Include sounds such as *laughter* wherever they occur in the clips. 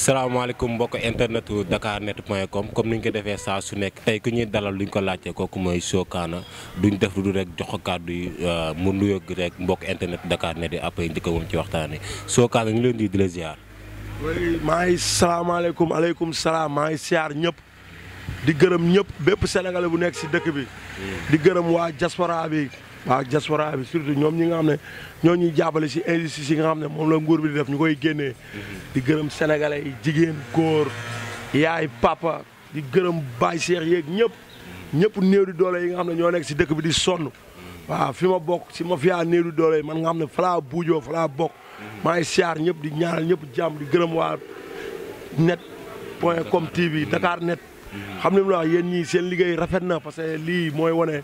salaamaaleykum mbokk internetu dakarnet.com comme ni ñu ko defee saa su nekk tey ku ñuy dalal lu ñu ko laajte kooku mooy Sokana duñ def lu dul rek jox kàddu yi euh, mu nuyoog rek mbokk internet Dakarnet yi après njëkk a woon ci waxtaan yi Sokana ñu leen di di la ziar. maa ngi salaamaaleykum aleykum salaam maa ngi siyaar ñëpp di gërëm ñëpp bépp sénégalais bu nekk si dëkk bi. di gërëm waa diaspora bi. waaw diaspora bi surtout ñoom ñi nga xam ne ñoo ñuy jàppale si injustice yi nga xam ne moom la nguur bi di def ñu koy génnee. Mhm. di gërëm sénégalais yi jigéen góor yaay papa di gërëm baay seex yeeg ñëpp. Mhm. ñëpp néew doole yi nga xam ne ñoo nekk si dëkk bi di sonn. Mhm. waaw fi ma bokk si ma fiyaa néew doole yi man nga xam ne falaa buujoo falaa bokk. maa ngi siyaar ñëpp di ñaanal ñëpp jàmm di gërëm waa net point com TV Dakar net. xam ne mu la yéen ñii seen liggéey rafet na parce que lii mooy wane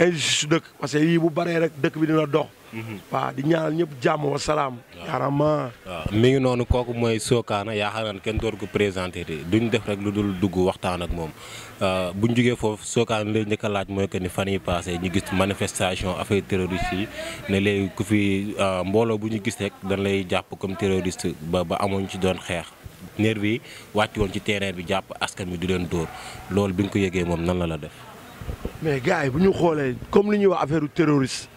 injustice dëkk parce que yii bu baree rek dëkk bi dina dox waaw di ñaanal ñëpp jàmm wa salaam yaarama waaw ngi noonu kooku mooy Sokana yaakaar naa kenn door ko présenté te duñ def rek lu dul dugg waxtaan ak moom bu euh, buñ jógee foofu Sokana lay njëkk a laaj mooy que ni fan yi passé ñu gis manifestation affaire terroriste yi ne léegi ku fi euh, mbooloo bu ñu gis rek dañ lay jàpp comme terroriste ba ba amoon ci doon xeex nervi bi wàcc woon ci terrain bi jàpp askan bi du leen dóor loolu bi nga ko yëgee moom nan la la def. mais gars yi bu ñu xoolee comme li ñuy wax affaire terroriste.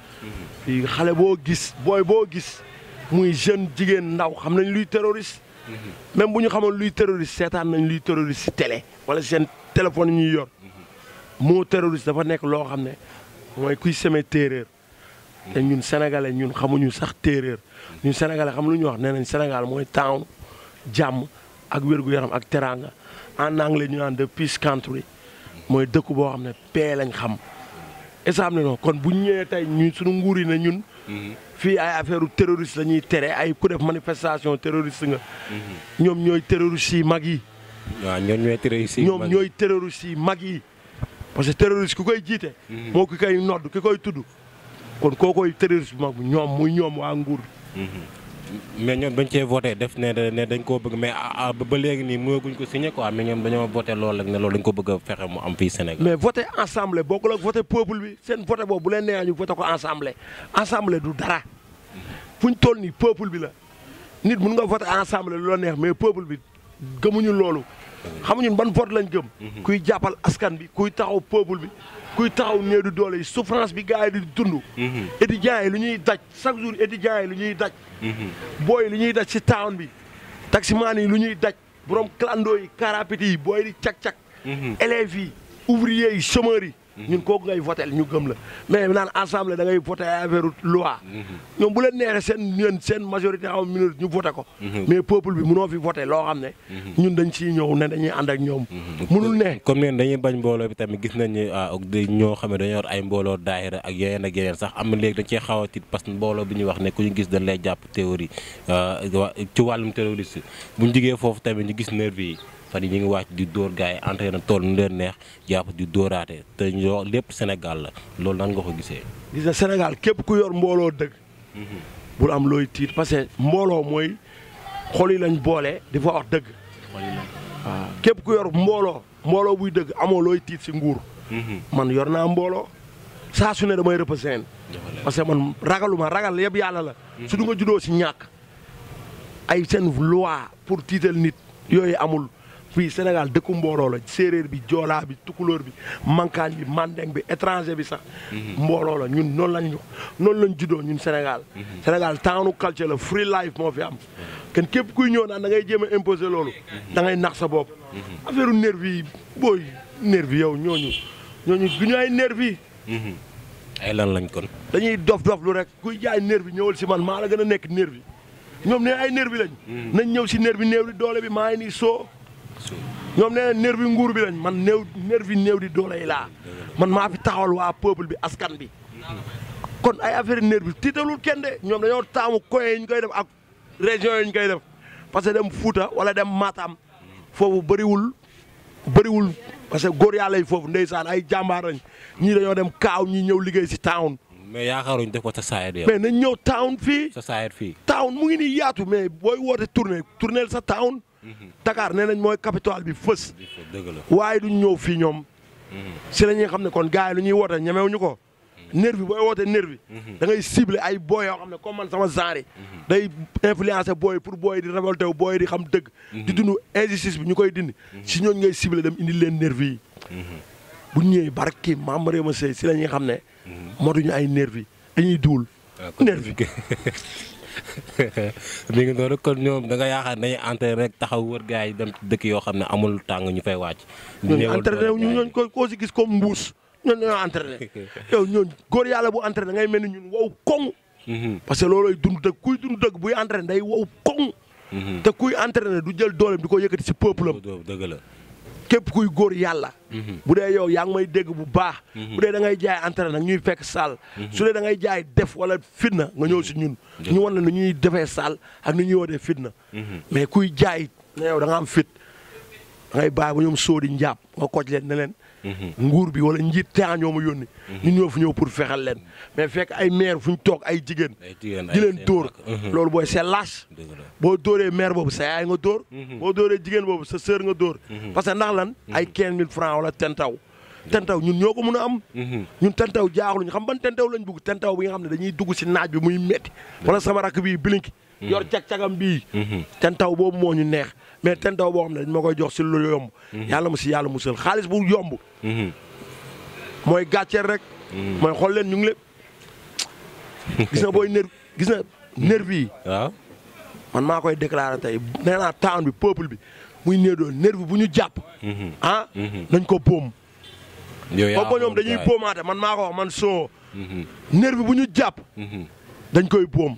xale boo gis booy boo gis muy jeune jigéen ndaw xam nañ luy terroriste. même bu ñu xamoon luy terroriste seetaan nañ luy terroriste si télé wala seen téléphone ñu yor. moo terroriste dafa nekk loo xam ne mooy kuy semé terreur. te ñun sénégalais ñun xamuñu sax terreur ñun sénégalais xam lu ñu wax nee nañ Sénégal mooy town jàmm ak wér-gu-yaram ak teraanga en anglais ñu naan de peace country mooy dëkku boo xam ne paix lañ xam esam ne non kon bu ñëwee tey ñun suñu nguur yi ne ñun mhm. fii ay affaire u terroriste la ñuy tere ay ku def manifestation terroriste nga mhm. ñoom ñooy terroriste yi mag yi waaw ñoom ñooy terroriste yi ñoom ñooy terroriste yi mag yi parce que terroriste ku koy jiite mhm. moo ki koy nodd ki koy tudd kon koo koy terroriste bu mag bi ñoom muy ñoom waa nguur mais ñoom dañ cee voté def ne ne dañ koo bëgg mais ba léegi nii mënaguñ ko signé quoi mais ñoom dañoo voté loolu rek ne loolu dañ ko bëgg a fexe mu am fii Sénégal. mais voté ensemble bokkul ak voté peuple bi seen voté boobu bu leen nee ñu voté ko ensemble ensemble du dara fu ñu toll nii peuple bi la nit mun nga voté ensemble lu la neex mais peuple bi gëmuñu loolu. xamuñu ñun ban vote lañ gëm. kuy jàppal askan bi kuy taxaw peuple bi kuy taxaw néedu doole yi souffrance bi gars yi di dund. Mhm. étudiants yi lu ñuy daj chaque jour étudiants yi lu ñuy daj. Mhm. booy yi lu ñuy daj si town bi taximaan yi lu ñuy daj borom clando yi karapiti yi booy di cak-cak mhm. élèves yi ouvriers yi chômeurs yi. ñun kooku ngay votel ñu gëm la mais naan assemblée dangay ngay voté affaire loi ñoom bu leen neexee seen ñeen seen majorité am minorité ñu voté ko mais peuple bi mënoo fi voté loo xam ne ñun dañ ciy ñëw ne dañuy ànd ak ñoom munul ne comme neen dañuy bañ mbooloo bi tamit gis nañ ne ah, ñoo xam ne dañoo war ay mbooloo daayira ak yeneen ak yeneen sax am na léegi dañ cee xaw a tiit parce que mbooloo bi ñu wax ne ku ñu gis dañ lay jàpp théorie ah, ci wàllum terroriste bu ñu jigee foofu tamit ñu gis nervi yi fan yi ñu ngi wàcc di dóor gars yi entraîné tool nu leen neex jàpp di dóoraate te ñoo lépp senegal la loolu nan nga ko gisee. gis na Sénégal képp ku yor mbooloo dëgg. bu am looy tiit parce que mbooloo mooy xol yi lañ boole di fa wax dëgg. waaw képp ku yor mbooloo mbooloo buy dëgg amoo looy tiit si nguur. Mhm. man yor naa mbooloo saa su ne damay représenté. parce que man ragaluma ragal yëpp yàlla la. Mhm. su du nga juddoo si ñàkk ay seen loi pour tiital nit yooyu amul. fii Sénégal dëkku mbooloo la séeréer bi joolaa bi tukulóor bi mankaan bi mandeng bi étranger bi sax. Mm-hmm. mbooloo la ñun noonu lañ ñu noonu lañ juddoo ñun Sénégal. Mm-hmm. Sénégal taanu culture la free life moo fi am. Mm-hmm. kenn képp kuy ñëw naan da ngay jéem a imposer loolu. da ngay nax sa bopp. affaire nervi yi booy nervi yow ñooñu ñooñu du ñu ay nervi ay lan lañ kon. dañuy dof dof lu rek kuy jaay nervi ñëwal si man maa la gën a nekk nervi ñoom ne ay nervi lañ. nañ ñëw si nervi néew li doole bi maa ngi nii soo. ñoom nee na néer bi nguur bi lañ man néew néer bi néew di doole yi laa man maa fi taxawal waa peuple bi askan bi kon ay affaire néer bi tiitalul kenn de ñoom dañoo taamu koye yi ñu koy def ak région yi ñu koy def parce que dem Fuuta wala dem Matam foofu bëriwul wul parce que góor yàlla yi foofu ndeysaan ay jàmbaar lañ ñii dañoo dem kaaw ñi ñëw liggéey si town mais yaakaaruñ def ko sa saayet yow mais nañ ñëw town fii sa saayet fii town mu ngi nii yaatu mais booy woote tournée tournée sa town Mm-hmm. Dakar nee nañ mooy capitale bi fës. waaye duñ ñëw fii ñoom. Mm-hmm. si la ñuy xam ne kon gars yi lu ñuy woote ñemewuñu ko. Mm-hmm. nervi booy woote nervi da ngay ciblé ay booy yoo xam ne comme man sama genre day influencé booy pour booy di révolté wu booy di xam dëgg. di dund injustice bi ñu koy dindi. si ñooñu ngay ciblé dem indi leen nervi yi. bu ñu ñëwee barki maam Réma mase si la ñuy xam ne. motuñu ay nervi dañuy duul ah, nervi *laughs* *laughs* mi ngi noonu kon ñoom da nga yaakaar ne dañuy entraîné rek taxaw wër gars yi dem dëkk yoo xam ne amul tàng ñu fay wàcc. ñooñu entraîné wu ko koo si gis comme mbuus ñooñu dañoo entraîné *laughs* yow ñooñu góor yàlla bu entraîné da ngay mel ni ñun wow koŋ. Mhm. parce que loolooy dund dëgg kuy dund dëgg buy entraîné day wow koŋ. Mhm. te kuy entraîné du jël dooleem di ko yëkkati si peuple am. dëgg la képp kuy góor yàlla. Mhm. bu dee yow yaa ngi may dégg bu baax. Mhm. bu dee da ngay jaay entraîné nag ñuy fekk sal mhm. su dee da ngay jaay def wala fitna nga ñëw si ñun. ñu wan la nu ñuy defee saal ak nu ñuy wootee fitna. mais kuy jaay ne yow da nga am fit da ngay bàyyi ba ñoom sóodi njàpp nga koc leen ne leen. Mm-hmm. nguur bi wala njiit taa ñoo ma yónni. ñu ñëw fu ñëw pour fexal leen mais fekk ay maire fu ñu toog ay jigéen. di leen dóor mm-hmm. loolu booy c'est lâche. boo dóoree maire boobu sa yaay nga dóor. Mm-hmm. boo dóoree jigéen boobu sa sœur nga dóor. parce que ndax lan ay 15000 francs wala tentaw. tentaw ñun ñoo ko mën a am. ñun tentaw jaaxluñ xam ban tentaw lañ bugg tentaw bi nga xam ne dañuy dugg si naaj bi muy metti wala sama rakk bii bilinki yor cag-cagam bii. tentaw boobu moo ñu neex. mais tentaw boo xam ne dañ ma koy jox si lu yomb. Mhm. yàlla ma si yàlla musal xaalis bu yomb. Mhm. mooy gàcceel rek. Mhm. mooy xool leen ñu ngi leen na booy ner gis na nervi man maa koy déclaré tey nee naa temps bi peuple bi muy néedoon nervi bu ñu jàpp. ah nañ ko boom. yooyu ba ñoom dañuy man maa ko man soo. nervi bu ñu jàpp. dañ koy boom.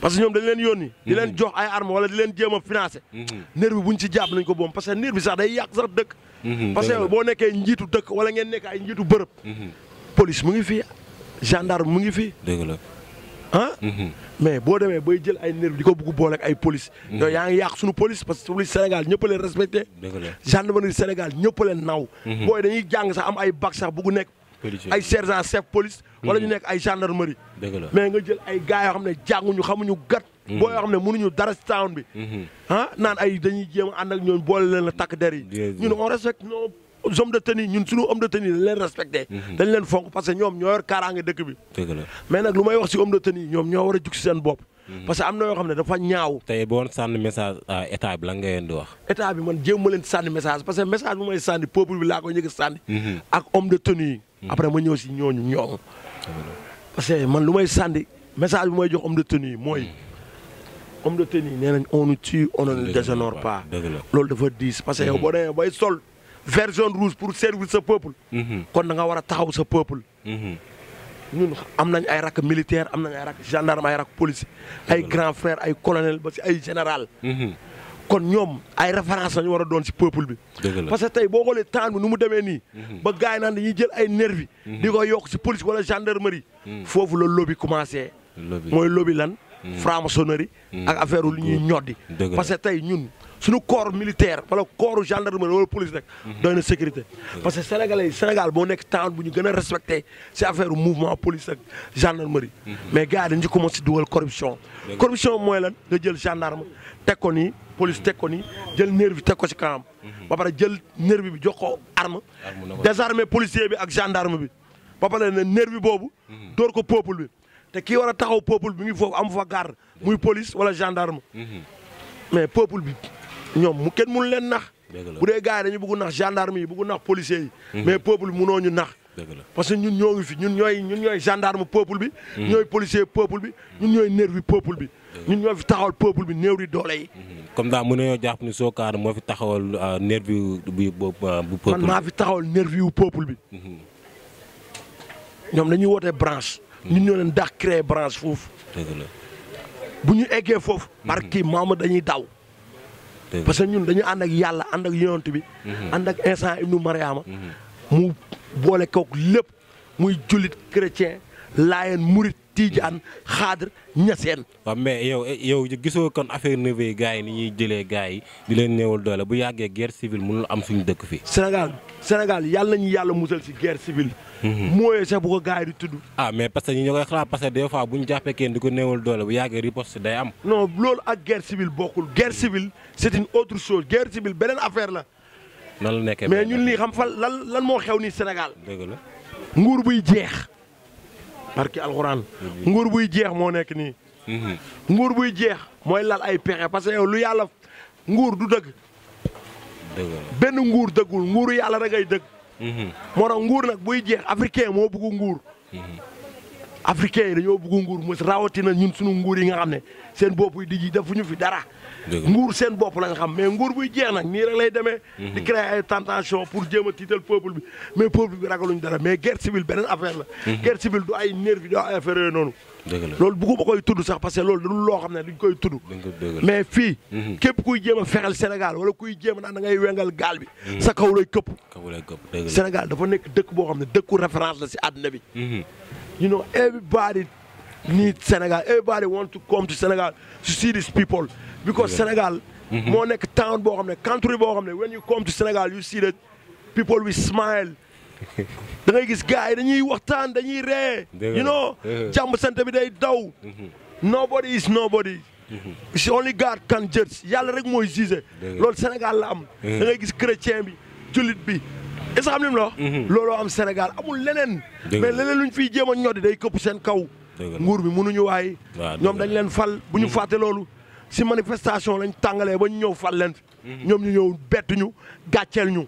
parce que ñoom dañ leen yónni. di leen mhm. jox ay armes wala di leen jéem a financé. Mhm. nerf bi buñ ci jàpp ko boom parce que nerf bi sax day yàq dëkk. Mhm, parce que boo nekkee njiitu dëkk wala ngeen nekk ay njiitu bërëb. police mu ngi fi gendarme mu ngi fi. dëgg la ah. mais boo demee bay jël ay nerf di ko bugg boole ay police. yaa ngi yàq suñu police parce que police Sénégal ñëpp a leen respecté. dëgg la gendarmerie Sénégal ñëpp leen naw. booy dañuy jàng sax am ay bac sax bugg nekk. ay sergent chef police wala ñu hmm. nekk ay gendarmerie mais nga jël ay gars xam ne jànguñu xamuñu gat hmm. boo xam ne mënuñu dara si town bi hmm. ah, naan ay dañuy jéem a ak ñoom boole leen takk der yi ñun on respecte que ñoom ñoo yor kaaraange dëkk bi mais war a jug si seen bopp parce am na yoo xam ne dafa ñaaw. tey boo sànni message état message bu may sànni peuple bi laa ko njëkk sànni. ak homme de tenue yi. Hmm. après ma ñëw si ñooñu ñoom. parce que man lu may sànni message bi may jox homme de tenue mooy. Hmm. homme de tenue nee nañ on nous tue on ne déshonore pas. loolu diis parce que yow hmm. boo demee bay sol. vert jaune rouge pour servir sa peuple. kon da nga war a taxaw sa peuple. ñun am nañ ay rakk militaire am nañ ay rakk gendarme ay rakk police ay grand frère ay colonel ba si ay général. kon ñoom ay référence lañu war a doon si peuple bi. parce que tey boo xoolee temps bi nu mu demee nii. Mhm. ba gars yi naan dañuy jël ay nervi mhm. di ko yokk si police wala gendarmerie. Mhm. foofu la lobby commencé. mooy lobby lan. franc-maçonnerie ak affaire lu ñuy ñoddi. parce que tey ñun. suñu corps militaire wala corps gendarmerie wala police rek. Mhm. doy na sécurité. parce que sénégalais Sénégal boo nekk temps bu ñu gën a respecté si affaire mouvement police ak gendarmerie. Mhm. mais gars yi dañu ci commencé dugal corruption. corruption mooy lan nga jël gendarme teg ko nii police teg ko nii jël nervi teg ko si kanam. Mhm. ba pare jël nervi bi jox ko arme. désarmé policier bi ak gendarme bi. ba pare ne nervi boobu. door ko peuple bi te kii war a taxaw peuple bi ngi foofu am fa garde muy police wala gendarme. mais peuple bi. ñoom mu kenn mënu leen nax bu dee gars yi dañu bëgg nax gendarme yi bëgg nax policiers yi mhm. mais peuple munoo ñu nax parce que ñun ñoo ngi fi ñun ñooy ñun ñooy gendarme peuple bi mhm. ñooy policier peuple bi ñun ñooy nervi peuple bi ñun ñoo fi taxawal peuple bi néew di doole yi mhm. comme daa mën nañoo jàpp ni Sokane moo fi taxawal euh, nervi bi bu peuple man maa fi taxawal nervi wu peuple bi ñoom dañuy wootee branche ñun ñoo leen daax créer branche foofu bu ñu eggee foofu barki maama dañuy daw parce que ñun dañu ànd ak yàlla ànd ak yonent bi. Mhm. ànd ak Isa ibnu Mariama mhm. mu boole kook lépp muy jullit chrétien laayeen murit Tiijaan xaadir ñaseen waaw mais yow eh, yow gisoo kon affaire nervis gars yi ni ñuy jëlee gars yi di leen néewal doole bu yàggee guerre civile mënul am suñu dëkk fii Sénégal Sénégal yàlla nañu yàlla musal si guerre civile mhm. mooyee sax bu ko gars yi di tudd ah mais parce que ñi ñoo koy xalaat parce que des fois bu ñu jàppee kenn di ko néewal doole bu yàggee riposte day am non loolu ak guerre civile bokkul guerre civile c'est une autre chose guerre civile beneen affaire la nan la nekkee mais ñun lii xam fan lan lan moo xew nii Sénégal dëgg la barki alxuraan nguur buy jeex moo nekk nii. nguur buy jeex mooy lal ay pexe parce que yow lu yàlla nguur du dëgg. benn nguur dëggul nguuru yàlla da ngay dëgg. Mhm. moo tax nguur nag buy jeex africain moo bëgg nguur. Mhm. africain yi dañoo bëgg nguur mos rawatina ñun suñu nguur yi nga xam ne seen bopp yi di ji defuñu fi dara nguur seen bopp la nga xam mais nguur buy jeex nag nii rek lay demee. Mhm. di créer ay tentation pour jéem a tiital peuple bi mais peuple bi ragaluñ dara mais guerre civile beneen affaire la. Mhm. guerre civile du ay nervi du ay affaire yooyu noonu. loolu bugguma koy tudd sax parce que loolu dañu loo xam ne duñ koy tudd. mais fii. Mhm. képp kuy jéem a fexel Sénégal wala kuy jéem a naan da ngay wengal gaal bi. sa kaw lay këpp. kaw lay këpp dafa nekk dëkk boo xam ne dëkku référence la si àdduna bi. you know everybody need Sénégal everybody want to come to Sénégal to see these because Sénégal mhm. moo nekk town boo xam ne country boo xam ne when you come to Sénégal you see that people will smile *laughs* da ngay gis gars yi dañuy waxtaan dañuy ree you know jàmm sant bi day daw mhm. nobody is nobody mhm. it's only God can judge yàlla rek mooy juge lool Sénégal la am da ngay gis chrétien bi jullit bi est ce lo xam ne looloo am Sénégal amul leneen mais leneen luñ fiy jéem a day këpp seen kaw nguur bi mënuñu waay ñoom dañ leen fal bu ñu fàtte loolu si manifestation lañ tàngalee ba ñu ñëw fal ñoom ñu ñëw bett ñu gàcceel ñu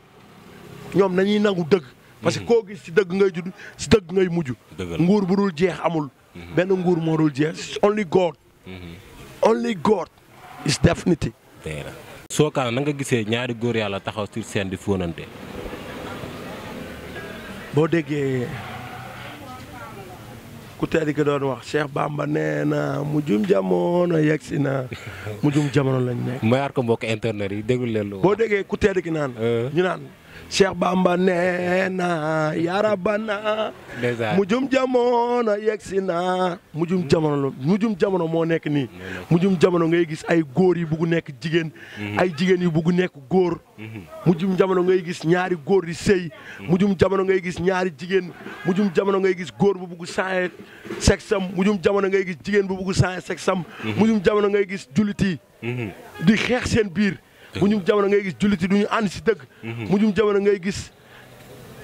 ñoom nañuy nangu dëgg. parce que koo gis si dëgg ngay judd si dëgg ngay mujj. nguur bu dul jeex amul. Mhm. benn nguur moo dul jeex only God. Mhm. only God is definitely. Sokane na nga gisee ñaari góor yàlla taxaw sur seen di fóonante. boo déggee. ku teel ki doon wax Cheikh Bamba nee na mujjum jamono yegg si na *laughs* mujjum jamono lañ nekk. mayaat ko mbokk internet yi déglu leen lu. boo déggee ku teel ki naan. Euh. ñu naan Cheikh Bamba nee na yarabana mujum jamono yegsi na mujum jamono mujum jamono moo nekk ni mujum jamono ngay gis ay góor yi bugg nekk jigéen mhm. ay jigéen yu bugg nekk góor mhm. mujum jamono ngay gis ñaari góor di sëy mhm. mujum jamono ngay gis ñaari jigéen mujum jamono ngay gis góor bu bugg changé sexe am mujum jamono ngay gis jigéen bu bugg changé sexe am mujum jamono ngay gis jullit yi di xeex seen biir bu ñu jamono ngay gis jullit yi du ñu ànd si dëgg. Mhm. mu ñu jamono ngay gis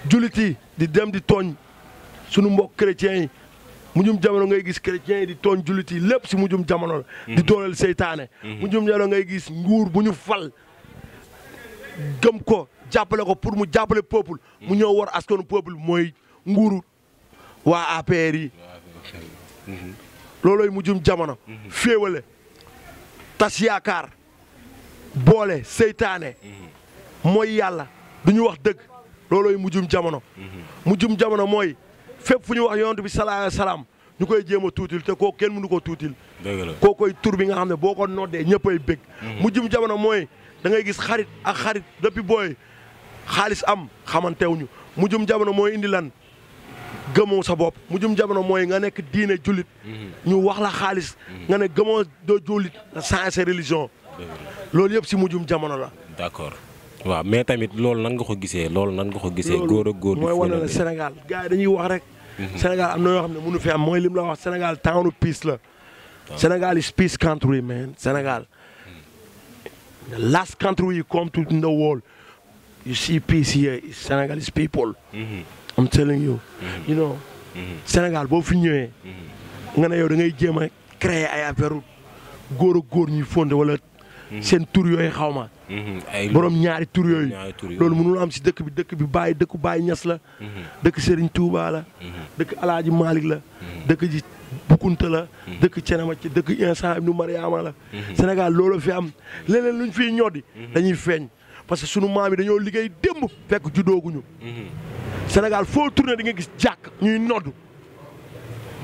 jullit yi di dem di tooñ sunu mbokk chrétiens yi. mujum jamono ngay gis chrétiens di tooñ jullit yi lépp si mujum jamono la. Mhm. di dooleel seytaane. Mhm. mujum jamono ngay gis nguur bu ñu fal gëm ko jàppale ko pour mu jàppale peuple. mu ñëw war askanu peuple mooy nguuru waa APR yi. loolooy mujum jamono. féewale tas yaakaar boole seytaane mooy yàlla du ñu wax dëgg loolooy mujjum jamono mujjum jamono mooy fépp fu ñu wax yonent bi salaa salaam ñu koy jéem a tuutil te ko kenn mënu ko tuutil koo koy tur bi nga xam ne boo ko noddee ñëppay bég mm-hmm. mujjum jamono mooy da ngay gis xarit ak xarit depuis booy xaalis am xamantewuñu mujjum jamono mooy indi lan gëmoo sa bopp mujjum jamono mooy nga nekk diine jullit mm-hmm. ñu wax la xaalis mm-hmm. nga ne gëmoo doo jullit nga changé religion loolu yëpp si mujjum jamono la. d'accord waaw mais tamit loolu nan nga ko gisee loolu nan nga ko gisee. góor ak góor mooy wane la Sénégal gars yi dañuy wax rek. Mhm. am na yoo xam ne mënu fi am mooy lim la wax Sénégal town peace la. Sénégal is peace country man Sénégal. Hmm. the last country you come to in the world you see peace here is Senegalese people. Mhm. I'm telling mhm. a góor ak fonde wala. Mhm. seen tur yooyu xaw ma. Mhm. borom ñaari tur yooyu. loolu mënul am si dëkk bi dëkk bi bàyyi dëkku Baye Niass la. Mhm. dëkk Serigne Touba la. dëkk El Hadj la. dëkk ji Bukunta la. dëkk Cenema ci dëkk Insa ibnu Mariama la. Sénégal loolu fi am leneen luñ fiy ñoddi. dañuy feeñ parce que sunu maam yi dañoo liggéey démb fekk juddooguñu. senegal foo tourné di nga gis jàkk ñuy nodd.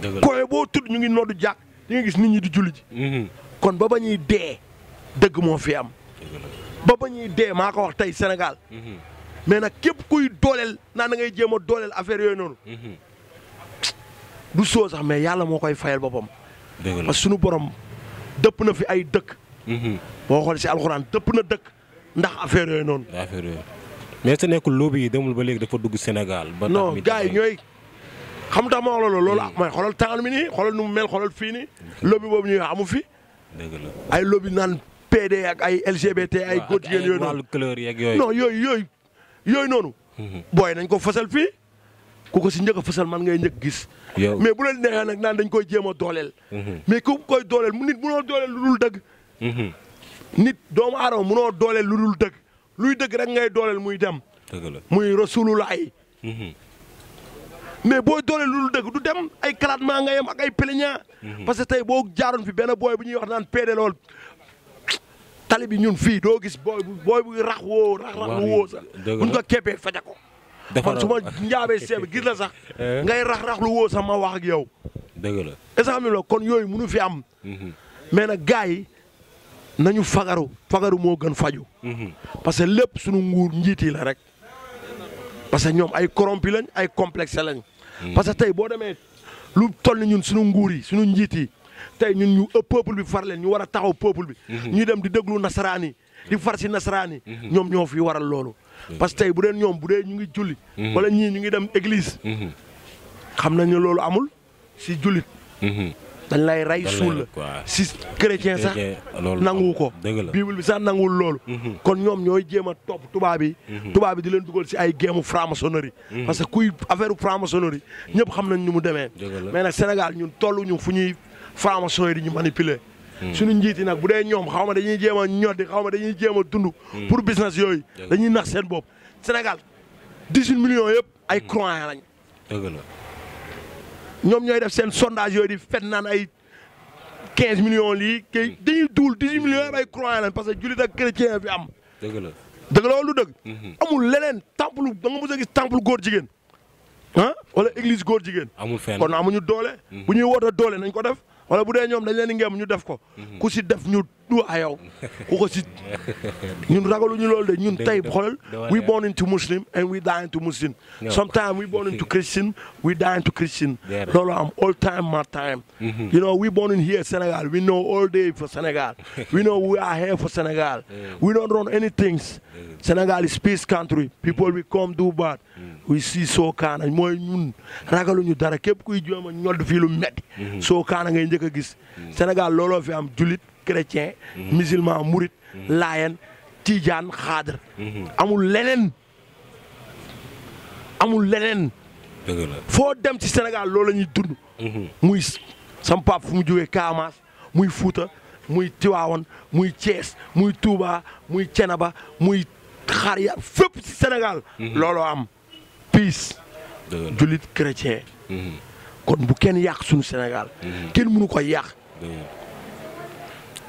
dëgg boo tudd ñu ngi noddu jàkk di nga gis nit ñi di julli kon ba ba ñuy dee. dëgg moo fi am. ba ba ñuy dee maa ko wax tey Sénégal. Mhm. mais nag képp kuy dooleel naan na ngay jéem a dooleel affaire yooyu noonu. Mhm. du soo sax mais yàlla moo koy fayal boppam. parce sunu borom dëpp na fi ay dëkk. Mhm. boo xool si alxuraan dëpp na dëkk ndax affaire yooyu noonu. affaire yooyu mais su nekkul lobby yi demul ba léegi dafa dugg Sénégal. ba non gars yi ñooy xam tax ma wax loolu loolu mooy xoolal taal mi nii xoolal nu mu mel xoolal fii nii. lobby boobu ñuy amu fi. dëgg la ay lobby naan. PD ak ay LGBT ay góor jigéen yooyu noonu non yooyu yooyu yooyu noonu mhm. booy nañ ko fasal fii ku ko si njëkk a fasal man ngay njëkk gis mais bu leen neexee nag naan dañ koy jéem a dooleel mhm. mais ku koy dooleel nit munoo dooleel lu dul dëgg mhm. nit doomu aadama munoo dooleel lu dul dëgg luy dëgg rek ngay dooleel muy dem muy rasulullaay mais boo doole lu dëgg du dem ay kalaat maa nga yem ak ay pléña parce que tey boo jaaroon fi benn booy bu ñuy wax naan péede lool tali bi ñun fii doo gis booy bu booy bu rax woo rax rax lu woo sax buñ faja ko man su ma *laughs* njaabee seeb gis la sax *laughs* eh? ngay rax rax lu woo sax ma wax ak yow dëgg la est kon yooyu mënu fi am mm-hmm. mais nag gars yi nañu fagaru fagaru moo gën faju mm-hmm. parce que lépp suñu nguur njiit yi la rek parce que ñoom ay corrompu lañ ay complexe lañ mm-hmm. parce que tey boo demee lu toll ni ñun suñu nguur yi suñu njiit yi tey ñun ñu ëpp peuple bi far leen ñu war a taxaw peuple bi. Mhm. ñu dem di déglu nasaraan yi di far si nasaraan mhm. ñoom ñoo fi waral loolu. Mhm. parce que bu dee ñoom bu ñu ngi julli. wala ñii ñu ngi dem église. xam nañ ne loolu amul si jullit. dañ lay rey suul la si chrétien sax nanguwu ko bible bi sax nanguwul loolu kon ñoom ñooy jéem a topp tubaab yi tubaab yi di leen dugal si ay géemu franc-maçonnerie parce que kuy affaire franc-maçonnerie ñëpp xam nañ ñu mu demee mais nag Sénégal ñun tollu ñu fu ñuy franc-maçon yi di ñu manipuler. Hmm. suñu njiiti nag bu dee ñoom xaw ma dañuy jéem a ñoddi xaw ma dañuy jéem a dund. Hmm. pour business yooyu. dañuy nax seen bopp Sénégal 18 millions yëpp ay hmm. croyants lañ. dëgg la ñoom ñooy def seen sondage yooyu di fet naan ay quinze millions lii kay dañuy duul 18 millions yëpp ay croyants lañ parce que jullit ak chrétien fi am. dëgg la dëgg la loolu dëgg. leneen temple da nga temple góor jigéen. ah wala église góor jigéen. amul fenn mu amuñu doole. bu ñuy woote doole nañ ko def. wala bu dee ñoom dañ leen ngeem ñu def ko mhm. ku si def ñu do a yow ku ko si ñun ragaluñu loolu de ñun tey xoolal we born into Muslim and we die into Muslim sometimes we born into Christian we die into Christian loolu am all time my time mm-hmm. you know we born in here Sénégal we know all day for Sénégal we know we are *laughs* don't run any things is peace country people mm-hmm. we come do bad mm. we see soo kaana mooy ñun ragaluñu dara képp kuy jooma ñodd fii lu metti mm-hmm. soo kaana ngay njëkk a gis mm. Sénégal looloo fi am julit chrétien musulman murit layan tiijaan xaadar amul leneen amul leneen foo dem ci Sénégal loolu la ñuy dund mhm. muy sam fu mu jógee Kaamaas muy Fuuta muy Tiwaawan muy Thiès muy Touba muy Cenaba muy xar ya fépp ci Sénégal mhm. looloo am peace jullit chrétien mhm. kon bu kenn yàq suñu Sénégal kenn mënu ko yàq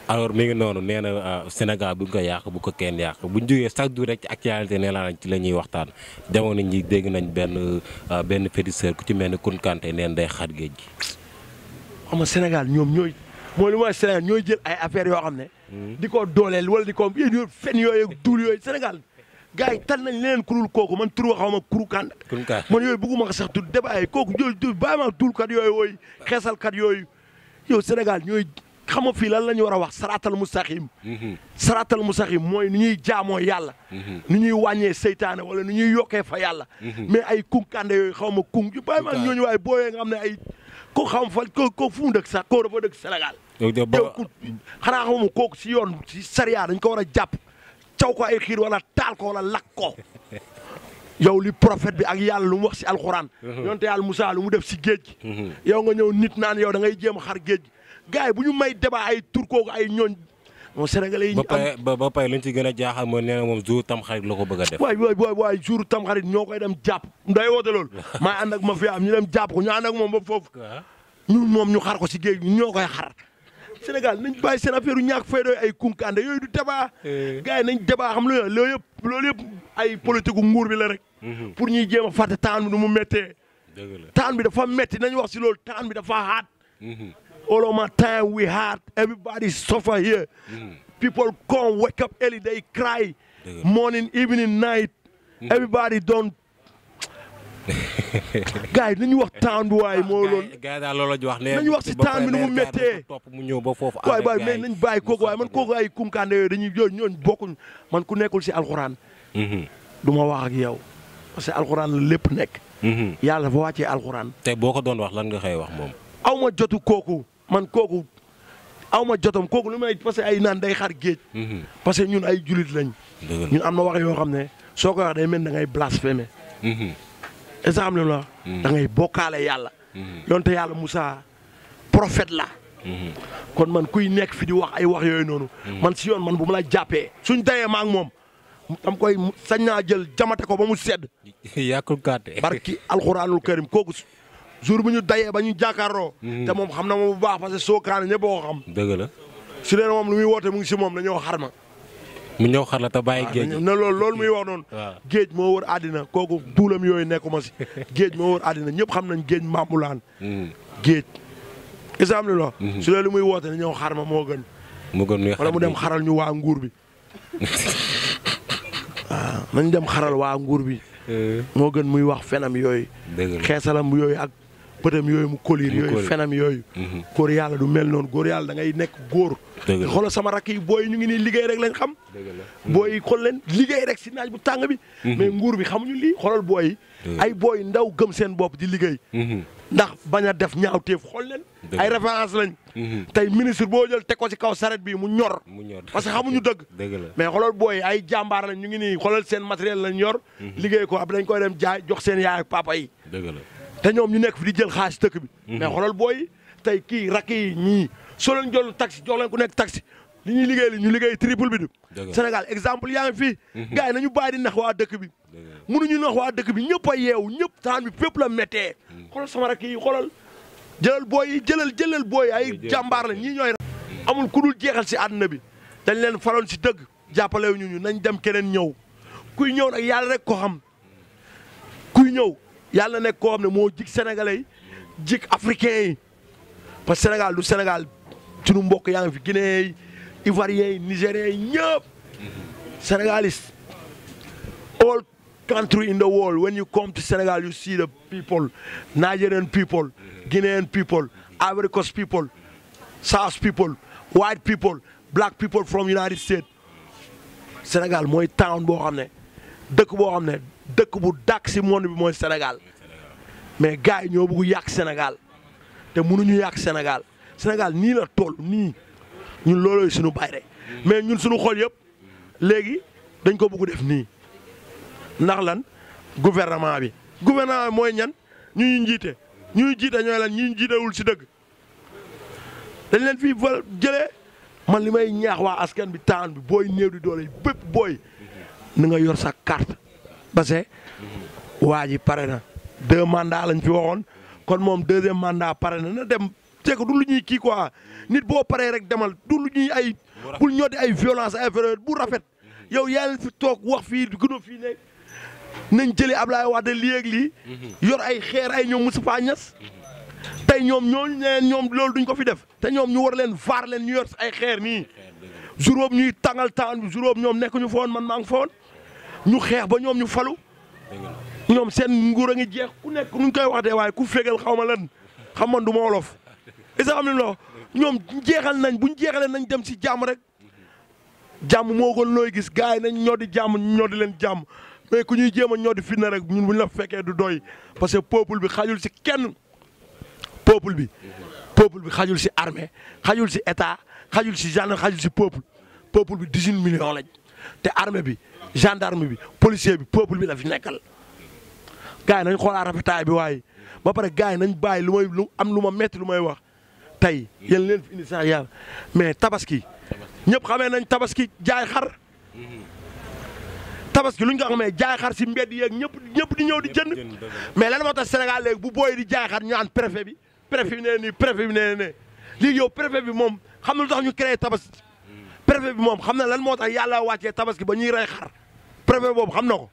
alors mi ngi noonu nee na euh, Sénégal bu ñu ko yàq bu ko kenn yàq bu ñu jógee chaque jour rek ci actualité nee naa ci la ñuy waxtaan jamono ji dégg nañu benn euh, benn féticheur ku ci mel ni Koune Kanté neen day xar géej gi. xam nga Sénégal ñoom ñooy mooy lu ma Sénégal ñooy jël ay affaires yoo xam ne. Hmm. di ko dooleel wala di ko fen yooyu ak duul yooyu Sénégal. gars yi tal nañ leneen kurul kooku man tur waxaw ma kuru kan. kuru kan man yooyu bëgguma ko sax du débat yi kooku yooyu du bàyyi yooyu wooyu xeesalkat yooyu yow Sénégal ñooy xam nga fii lan la ñu war a wax saraatal mustaxim mhm. saratal mustaxim mooy nu ñuy jaamoo yàlla mhm. nu ñuy wàññee seytaane wala nu ñuy yokkee fa yàlla mhm. mais ay kunkande yooyu xaw ma kunk yu ñooñu waaye booyee nga xam ne ay ko xam fa ko ko fu mu dëkk sax koo dafa dëkk Sénégal ku xanaa xamu kooku si yoon si sariya dañ ko war a jàpp caw ko ay xiir wala taal ko wala lakk ko *laughs* yow li profet bi ak yàlla lu mu wax si alxuraan yonte yàlla Moussa lu mu def si géej gi nga ñëw nit naan yow da ngay jéem xar géej gi gars yi bu ñu may débat ay tur kooku ay ñooñ. moom sénégalais yi ñu am ba ba pare lu ñu ci gën a jaaxal mooy nee na moom jour tamxarit la ko bëgg a def. waay waay waay waay jour ñoo koy dem jàpp nday woote loolu. *laughs* maa ànd ak ma fi am ñu dem jàpp ko ñu ànd ak moom ba foofu. Ah. ñun moom ñu xar ko ci géej ñoo koy xar. Sénégal nañ bàyyi seen affaire yu ñàkk fay doy ay kunkande yooyu du débat. Eh. gars yi nañ débat xam loolu yëpp loolu yëpp ay politique nguur bi la rek. Mhm. pour ñuy jéem a fàtte taan mu méttee. dëgg la taan bi dafa métti nañ wax ci loolu taan bi dafa all of my time we had everybody suffer here. Mm. People come, wake up early, they cry, Dude. morning, evening, night. Mm. Everybody don't. *laughs* gars nañu wax town bi waaye ah, moo loolu. la ñu wax nañu wax si town bi nu mu méttee. mu ñëw ba foofu waay waay nañ bàyyi kooku waaye man kooku ay kumkaande yooyu dañuy yooyu ñooñu bokkuñ man ku nekkul si alxuraan. Mm-hmm. du ma wax ak yow parce que alxuraan la lépp nekk. Mm-hmm. yàlla dafa wàccee alxuraan. te boo ko doon wax lan nga xëy wax moom. aw ma jotu kooku. man kooku aw ma jotam kooku lu may parce que ay naan day xar géej. Mhm. parce que ñun ay julit lañ. ñun am na wax yoo xam ne soo ko wax day mel da ngay blasphémer. Mhm. exemple la. Mhm. da ngay bokkaale yàlla. yonte yàlla Moussa prophète la. kon man kuy nekk fi di wax ay wax yooyu noonu. man si yoon man bu ma la jàppee suñ dayee ma ak moom. am koy sañ naa jël jamate ko ba mu sedd. *laughs* yàqul kàtte barki alxuraanul karim kooku jour bu ñu dayee ba ñu jàkkaarloo. Mhm. te moom xam na moom bu baax parce que sookaane ñëpp boo ko xam. dëgg la su moom lu muy woote mu ngi si moom dañoo xar ma. mu ñëw xar la te bàyyi ah, géej na lool loolu muy wax noon géej moo wër àddina kooku duulam yooyu nekkuma si. *laughs* géej moo wër àddina ñëpp xam nañ géej Mambulaan. Mhm. géej. isam li la. su dee lu muy woote ne ñëw xar ma moo gën. mu gën muy xar mu dem xaral ñu waa nguur bi. *laughs* Ah, dem xaral waa nguur bi. Euh. moo gën muy wax fenam yooyu. xeesalam yooyu ak. bëtam yooyu mu kolir yooyu fenam yooyu mhm. góor yàlla du mel noonu góor yàlla da ngay nekk góor xoolal sama rakk yi booy ñu ngi nii liggéey rek lañ xam mhm. booy xool leen liggéey rek si naaj bu tàng bi mhm. mais nguur bi xamuñu lii xoolal booy ay booy ndaw gëm seen bopp di liggéey ndax bañ a def ñaawteef xool leen ay référence lañ tey ministre boo jël teg ko ci kaw saret bi mu ñor parce que xamuñu dëgg mais xolol booy ay jàmbaar lañ ñu ngi nii xoolal seen matériel lañ yor liggéey ko ab dañ koy dem jaay jox seen yaay ak papa yi te ñoom ñu nekk fi di jël xaalis dëkk bi. Mhm. mais xoolal booy tey kii rakk yi ñii soo leen jël taxi jox leen ku nekk taxi li ñuy liggéey ñu liggéey triple bi. Sénégal exemple yaa ngi fii. Mhm. gars yi nañu bàyyi di nax waa dëkk bi. mënuñu nax waa dëkk bi ñëpp a yeewu ñëpp taan bi fépp la mete mhm. xoolal sama rakk yi xoolal jëlal booy jëlal jëlal booy ay jàmbaar la ñii ñooy. amul ku dul jeexal si àdduna bi dañ leen faroon si dëgg jàppale ñu ñu nañ dem keneen ñëw kuy ñëw nag yàlla rek ko xam kuy ñëw yàlla na nekk koo ne moo jig sénégalais yi jig africain yi parce du Sénégal sunu mbokk yaa ngi fi Guinée yi Ivoirien yi Nigérien yi ñëpp Sénégal is all country in the world when you come to Sénégal you see the people Nigerian people Guinean people Ivory Coast people South people white people black people from United States Sénégal mooy town boo xam ne. dëkk boo xam ne dëkk bu dàq si monde bi mooy Sénégal mais gars ñoo bugg yàq Sénégal te mënuñu yàq Sénégal Sénégal nii la toll nii ñun loolooy suñu bayre mais ñun suñu xol yëpp léegi dañ ko bëgg def nii ndax lan gouvernement bi gouvernement bi mooy ñan ñu ñu jiite ñu ñu jiite ñooy lan ñu ñu jiitewul si dëgg dañ leen fii jëlee man li may ñaax waa askan bi taan bi booy néew di doole bépp booy na nga yor sa carte parce que waa ji pare na deux mandats lañ fi waxoon kon moom deuxième mandat pare na na dem c'est que lu ñuy kii quoi nit boo paree rek demal du lu ñuy ay. bul di ay violence ay affaire bu rafet. yow yaa fi toog wax fii gën a fii ne nañ jëlee Ablaye Wade lii ak lii. yor ay xeer ay ñoom Moustapha Niass. tey ñoom ñooñu ñoom loolu duñ ko fi def te ñoom ñu war leen vaar leen ñu yor ay xeer nii. juróom ñuy tàngal taan juróom ñoom nekk ñu foon man maa ngi foon. ñu xeex ba ñoom ñu falu. ñoom seen nguur a ngi jeex ku nekk nuñ koy wax dee waaye ku fegal xaw ma lan xam man du ma wolof. is xam ne loo ñoom jeexal nañ buñ jeexalee nañ dem si jàmm rek jàmm moo gën looy gis gars yi nañ ñoo di jàmm ñoo di leen jàmm mais ku ñuy jéem a ñoo di fitna rek ñun buñ la fekkee du doy parce que peuple bi xajul si kenn peuple bi. peuple bi xajul si armée xajul si état xajul si gendarme xajul si peuple peuple bi 18 millions lañ te armée bi. gendarme bi policier bi peuple bi la fi nekkal gars yi nañ xoolaa rafetaay bi waaye ba pare gars yi nañ bàyyi lu may lu am lu ma metti lu may wax tey yéen leen fi indi sax yàlla mais tabaski ñëpp xamee nañ tabaski jaay xar tabaski lu ñu ko xamee jaay xar si mbedd yeeg ñëpp ñëpp di ñëw di jënd mais lan moo tax Sénégal léegi bu booy di jaay xar ñu naan préfet bi préfet bi nee nii préfet bi nee ne léegi yow préfet bi moom xam na lu tax ñu créé tabaski hmm. préfet bi moom xam na lan moo tax yàlla wàccee tabaski ba ñuy rey xar préfet boobu xam na ko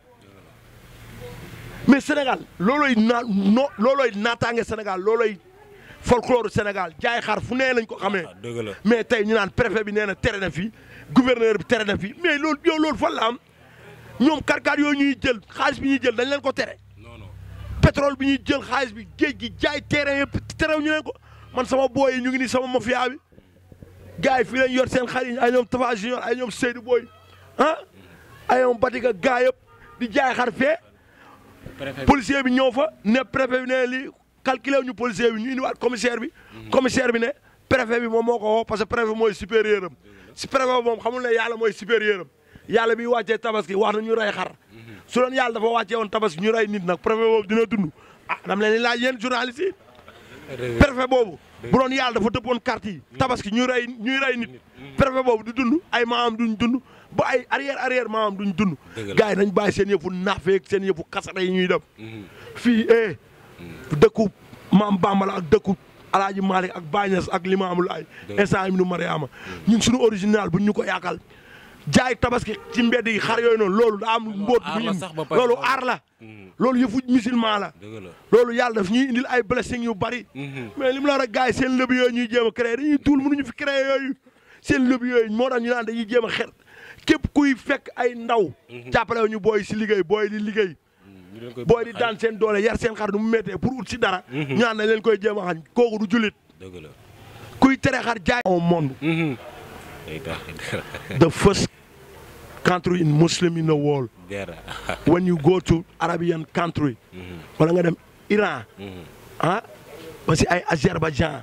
mais Sénégal loolooy naa no loolooy senegal Sénégal loolooy folklore Sénégal jaay xar fu nee lañ ko xamee. Ah, mais tey ñu naan préfet bi nee na tere na fi gouverneur bi tere na fi mais loolu yow loolu fan la am ñoom karkaar yooyu ñuy jël xaalis bi ñuy jël dañ leen ko tere. non non pétrole bi ñuy jël xaalis bi géej gi jaay terrain yëpp terew ñu leen ko man sama booy yi ñu ngi ni sama mafia bi gars yi fii lañ yor seen xar yi ay ñoom Tafa Junior ay ñoom Seydou Boy ah ayoon Batika gaa yëpp di jaay xar fee. policier bi ñëw fa ne préfet bi ne lii calculé ñu policier bi ñu indiwaat commissaire bi. Hmm. commissaire bi ne préfet bi moom moo ko woo parce que préfet mooy supérieur am. si préfet moom xamul ne yàlla mooy supérieur am yàlla bi wàccee tabaski wax na ñu ray xar. Hmm. su doon yàlla dafa wàccee woon tabaski ñu rey nit nag préfet boobu dina dund ah dam leen di laaj yéen journaliste yi. boobu bu doon yàlla dafa dëppoon carte yi. Hmm. tabaski ñu rey ñuy rey nit. préfet boobu di dund ay maam duñ dund ba ay arrière arrière maam duñ dund. gars yi nañ bàyyi seen yëfu naafeeg seen yëfu kasara yi ñuy def. Mhm. fii eh. Mhm. dëkku maam Bambala ak dëkku Alaaji Malick ak Baay Ñas ak Limaamu Laay instant ibnu Mariama ñun suñu original bu ñu ko yaakal jaay tabaski ci mbedd yi xar yooyu noonu loolu daa am mbóot bu ñu loolu aar la mhm. loolu yëfu musulman la loolu yàlla daf ñuy indil ay blessing yu bari mais li mu la rek gars yi seen lëb yooyu ñuy jéem a créé dañuy tuul mënuñu fi créé yooyu seen lëb moo tax ñu naan dañuy jéem a xet képp kuy fekk ay ndaw. Mhm. jàppale ñu booy si liggéey booy di liggéey. Mm, booy di daan seen doole yar seen xar nu mu méttee pour ut si dara. Mhm. ñaan nañ leen koy jéem a kooku du jullit. dëgg kuy tere xar jaay. au monde. Mhm. *laughs* the first country in Muslim in the world. *laughs* when you go to Arabian country. wala nga dem Iran. ah ba ay Azerbaïdjan.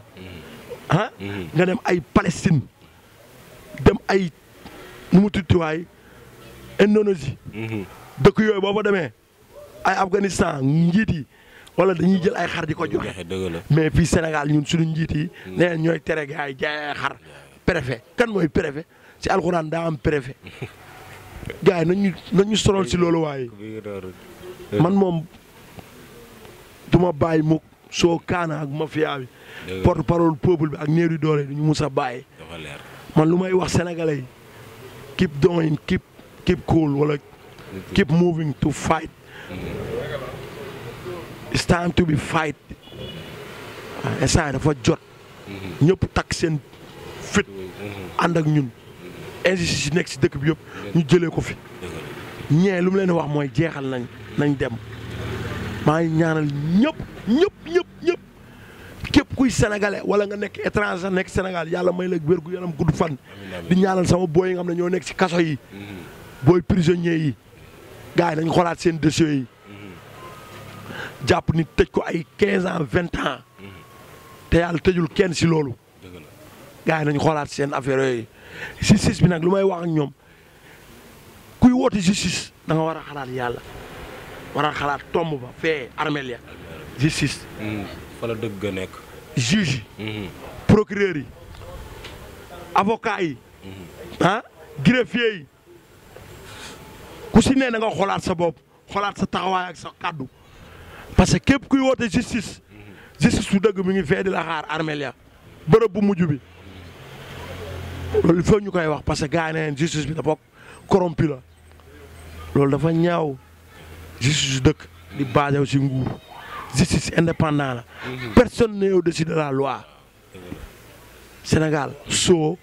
Ah, nga dem ay Palestine dem ay. nu mu tudd waay Indonésie. Mhm. dëkk yooyu boo fa demee ay Afghanistan njiit yi wala dañuy jël ay xar di ko joxe. mais fii Sénégal ñun suñu njiit yi. Mhm. nee ñooy tere gaay jaay ay xar. préfet kan mooy préfet si alxuraan daa am préfet *laughs* gars yi nañu nañu sonal si loolu waaye. man moom du ma bàyyi mukk soo kaana ak mafia bi. porte parole peuple bi ak néew doole du ñu mus a bàyyi. man lu may wax sénégalais yi. keep doing keep keep cool wala keep moving to fight it's time to be fight waaw ah, dafa jot ñëpp takk seen fit ànd ak ñun injustice yi nekk si dëkk bi yëpp ñu jëlee ko fi ñee lu mu leen wax mooy jeexal nañ nañ dem maa ngi ñaanal ñëpp kuy sénégalais wala nga nekk sa nekk Sénégal yàlla may la wér gu yaram gudd fan. di ñaanal sama booy yi nga xam ne ñoo nekk ci kaso yi. booy prisonniers yi. gars yi nañu xoolaat seen dossiers yi. jàpp nit tëj ko ay 15 ans 20 ans. te yàlla tëjul kenn si loolu. gars yi nañu xoolaat seen affaire yooyu justice bi nag lu may wax ñoom kuy woote justice da nga war a xalaat yàlla war a xalaat tomb ba fee armel ya justice. Hmm. fa nekk. juge yi. procureur yi avocat yi. ah greffier yi ku si ne na nga xoolaat sa bopp xolaat sa taxawaay ak sa kàddu parce que képp kuy woote justice. justice su dëgg mi ngi fee di la xaar armelia bërëb bu mujj bi loolu il ñu koy wax parce que gars yi neen justice bi dafa corrompu loolu dafa ñaaw justice dëkk di baajaw si nguur. justice indépendant la mhm. personne n'est au-dessus de la Sénégal soo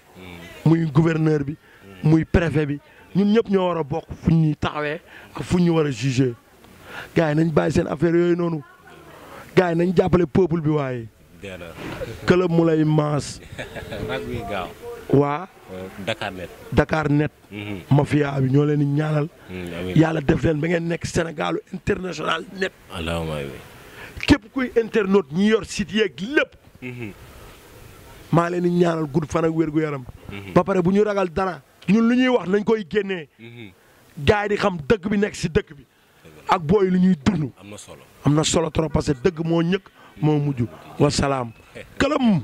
muy gouverneur bi muy préfet bi ñun ñëpp ñoo war a bokk fu ñu taxawee fu ñu war a jugé gars yi nañ bàyyi seen affaire yooyu noonu gars yi nañ jàppale peuple bi waaye këlëb mu lay maas waa euh, Dakar Net Dakar Net mhm. mafia bi ñoo leen di ñaanal mhm, yàlla def leen ba ngeen nekk Sénégalu international net képp kuy internaute ñi yor site yeeg lépp. Mhm. maa leen di ñaaral gudd fan ak wér gu yaram. Mhm. ba pare bu ñu ragal dara ñun lu ñuy wax nañ koy génnee. Mhm. gars yi di xam dëgg bi nekk si dëkk bi. ak booy lu ñuy dund. am na solo am na solo trop parce que dëgg moo ñëkk. moo mujj wasalaam këlam.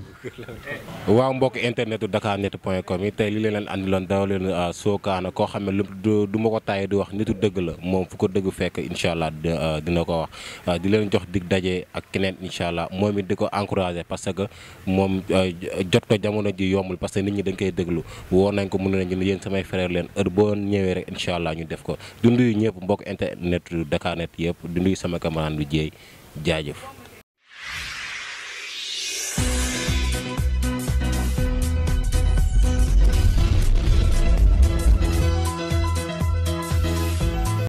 waaw mbokk internet dakarnet.com yi tey li leen leen andiloon ah, daw leen Sokane koo xam ne lu ma ko tàyyi di wax nitu dëgg la moom fu ko dëgg fekk incha allah ah, dina ko wax ah, di leen jox dig daje ak keneen incha allah moom it di ko encouragé parce que moom jot ko jamono ji yombul parce que nit ñi dañ koy déglu woo nañ ko mun nañu ne yéen samay frère leen heure boo ñëwee rek incha allah ñu def ko di nuyu ñëpp mbokk internet Dakarnet yëpp dundu nuyu sama camarade bi Dieye jaajëf.